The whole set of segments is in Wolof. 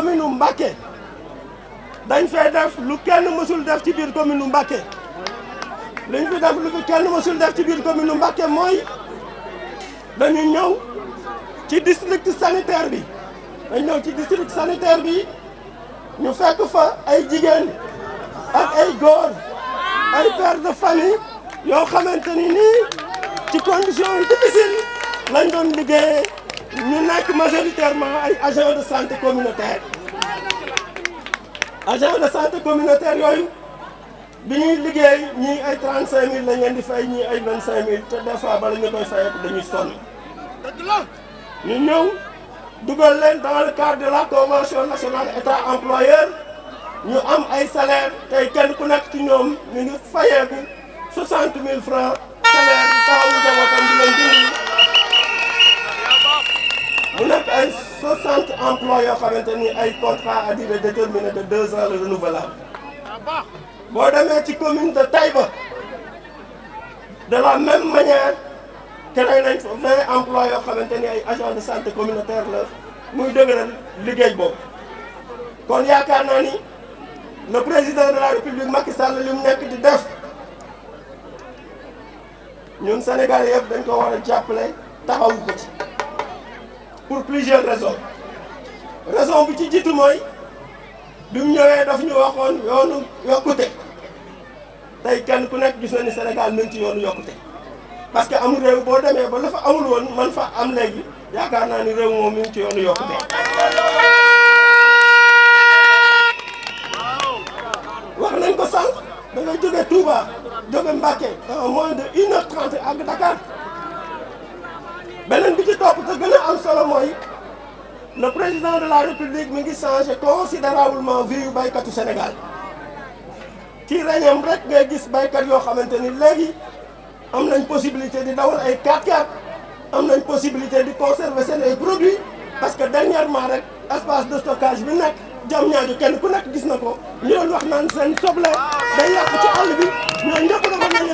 commune Mbacké dañ fay def lu kenn mësul def ci biir commune Mbacké liñ fi def lu kenn mësul def ci biir commune Mbacké mooy dañu ñëw ci district sanitaire bi dañ ñëw ci district sanitaire bi ñu fekk fa ay jigéen ak ay góor ay père de famille yoo xamante nii ci condition difficile lañ doon liggéeyee ñu nekk majoritairement ay agents de santé communautaire agents de santé communautaire yooyu bi ñuy liggéey ñii ay 35000 lañ leen di fay ñii ay 25000 te des fois bala ñu koy fayat dañuy sonn ñu ñëw dugal leen dans le de la convention nationale état employeur ñu am ay salaire tey kenn ku nekk ci ñoom ñu ngi fayeeku 60000 francs 60 emplois yoo xamante ni ay contrat à durée déterminée de deux ans le renouvelable boo demee ci commune de Taïba de la même manière créé nañ fa 20 emplois yoo xamante ni ay agents de santé communautaire la muy dëgëral liggéey boobu kon yaakaar naa ni le président de la république Macky Sall li mu nekk di def ñun Sénégalais yëpp dañ ko war a jàppale taxawu ko ci pour plusieurs raisons. raison bu ci jiitu mooy bi mu ñëwee daf ñu waxoon yoonu yokkute tey kenn ku nekk gis na ni Sénégal mën ci yoonu yokkute parce que amul réew boo demee ba la fa amul woon man fa am léegi yaakaar naa ni réew moom mi ngi ci yoonu yokkute wax nañ ko sànq da ngay jóge Touba jóge Mbacké en moins de une heure trente ak Dakar beneen bi ci topp te gën a am solo mooy le président de la république mi ngi changé considérablement vie yu baykatu Sénégal ci rek ngay gis baykat yoo xamante ni léegi am nañ possibilité di dawal ay 4x4 am nañ possibilité di conserver seen ay produits parce que dernièrement rek espace de stockage bi nekk jam ñaajo kenn ku nekk gis na ko ñu doon wax naan seen soble day yàq ci àll bi ñoo ñëpp defar nañ ni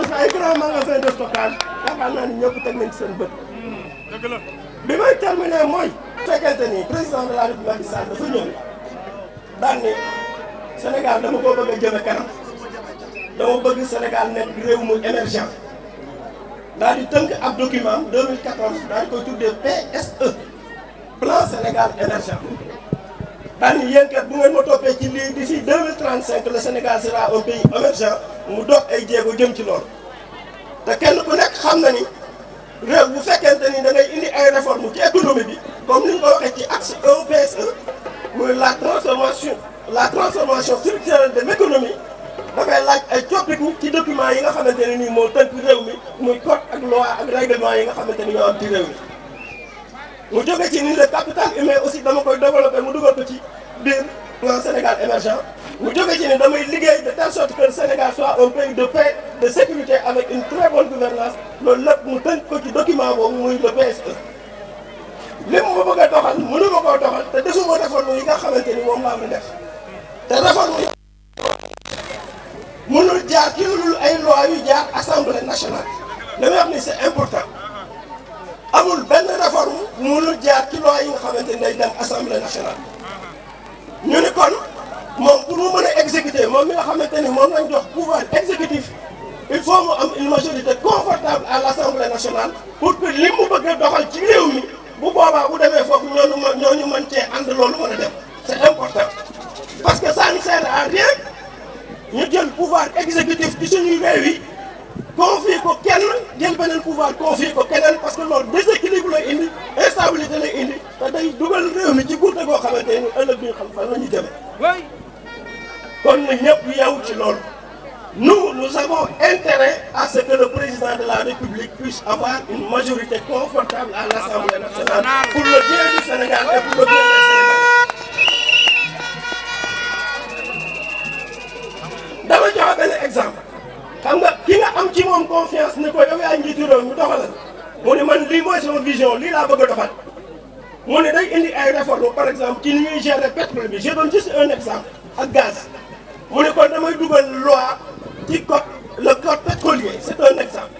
ñëpp teg nañ ci seen bët hmm, bi may terminer mooy fekkente ni président de la République Macky Sall dafa ñëw daan ne Sénégal dama ko bëgg a jëme kanam dama bëgg Sénégal nekk réew mu émergent daal di tënk ab document 2014 daal di koy tuddee PSE plan Sénégal émergent daan ni yéen bu ngeen ma toppee ci lii d'ici 2035 le Sénégal sera un pays émergent mu dox ay jéego jëm ci lool te kenn ku nekk xam na ni réew bu fekkente ni da ngay indi ay réforme ci économie bi comme ni nga ko waxee ci axe EPSE muy la transformation la transformation structurelle de l'économie dafay laaj ay coppiku ci documents yi nga xamante ne nii moo tënk réew mi muy code ak loi ak règlement yi nga xamante ni ñoo am ci réew mi. mu jóge ci ni le capital humain aussi dama koy développé mu dugal ko ci biir plan Sénégal émergent mu jóge ci ni damay liggéey de telle sorte que le Sénégal soit un pays de paix de sécurité avec une très bonne gouvernance loolu ko ci document boobu muy li mu bëgg a doxal mënu ma koo doxal te defuma réforme yi nga xamante ni moom laa ma def te réforme yi mënul jaar ci lu dul ay loi yu jaar assemblée nationale li may amul benn réforme mënul jaar ci yi xamante ni day dem assemblée nationale ñu ni kon moom pour mu mën a exécuter moom mi nga xamante ni moom nañ jox pouvoir exécutif il faut mu am une majorité confortable à l'assemblée nationale pour que li mu bëgg doxal ci réew mi bu boobaa bu demee foofu ñooñu mën ñooñu mën cee ànd loolu mën a dem c'est important parce que ça ne sert à rien ñu jël pouvoir exécutif ci suñuy réew yi confier ko kenn jël beneen pouvoir confier ko keneen parce que loolu déséquilibre lay indi instabilité lay indi te day dugal réew mi ci guute koo xamante ni a bi xam fan la ñu jëme kon na ñëpp yeewu ci lool nu nous avons intérêt à ce que le président de la République puisse avoir une majorité confortable à l'Assemblée nationale pour le bien Sénégal et pour le bien des Sénégalais. exemple xam nga ki nga am ci moom confiance ne ko yow yaa njiitu réew mi doxalal mu ne man lii mooy sama vision lii laa bëgg a doxal mu ne day indi ay réformes par exemple ci ni ñuy gérer pétrole bi je donne juste un exemple ak gaz mu ne kon damay dugal loi. ci code le code collier c' est un exemple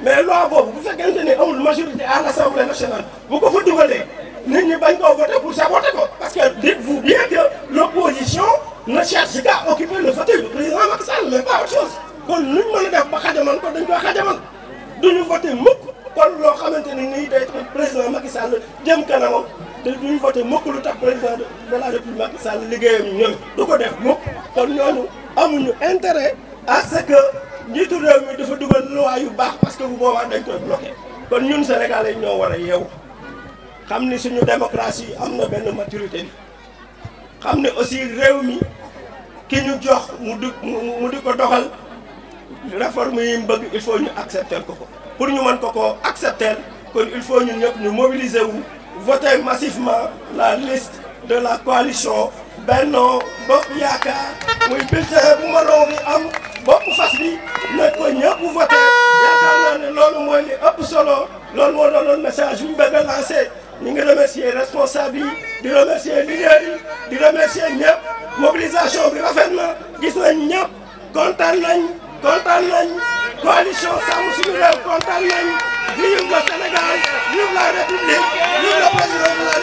mais loi boobu bu fekkente ni amul majorité à l' assemblée nationale bu ko fa dugalee nit ñi bañ koo voté pour saboter ko parce que dites-vous bien que l' opposition ne cherche qu'à occuper le fauteuil du président Macky Sall mais pas autre chose kon luñ mën a def ba xajaman ko dañ koy xajaman duñu voté mukk kon loo xamante ni nii day tax président Macky Sall jëm kanamam te duñu voté mukk lu tax président de la république Macky ko def mukk kon ñooñu parce que njiitu réew mi dafa dugal loi yu baax parce que bu boobaa dañ koy bloqué kon ñun Sénégalais yi ñoo war a yeewu xam ni suñu démocratie am na benn maturité bi xam ne aussi réew mi ki ñu jox mu di mu di ko doxal réforme yi mu bëgg il faut ñu accepter ko ko pour ñu mën ko ko accepter kon il faut ñu ñëpp ñu mobiliser wu voter massivement la liste de la coalition Benno Bokk Yaakaar muy bulletin bu ma doon am. bopp fas bi na ko ñëpp voté yaakaar ne loolu mooy li ëpp solo loolu moo doonoon message bu ñu bëgg a lancé ñu ngi remercier responsable yi di remercier leader yi di remercier ñëpp mobilisation bi rafet na gis nañ ñëpp kontaan nañ kontaan nañ coalition sàmm suñu réew kontaan nañ vive le Sénégal vive la République vive le président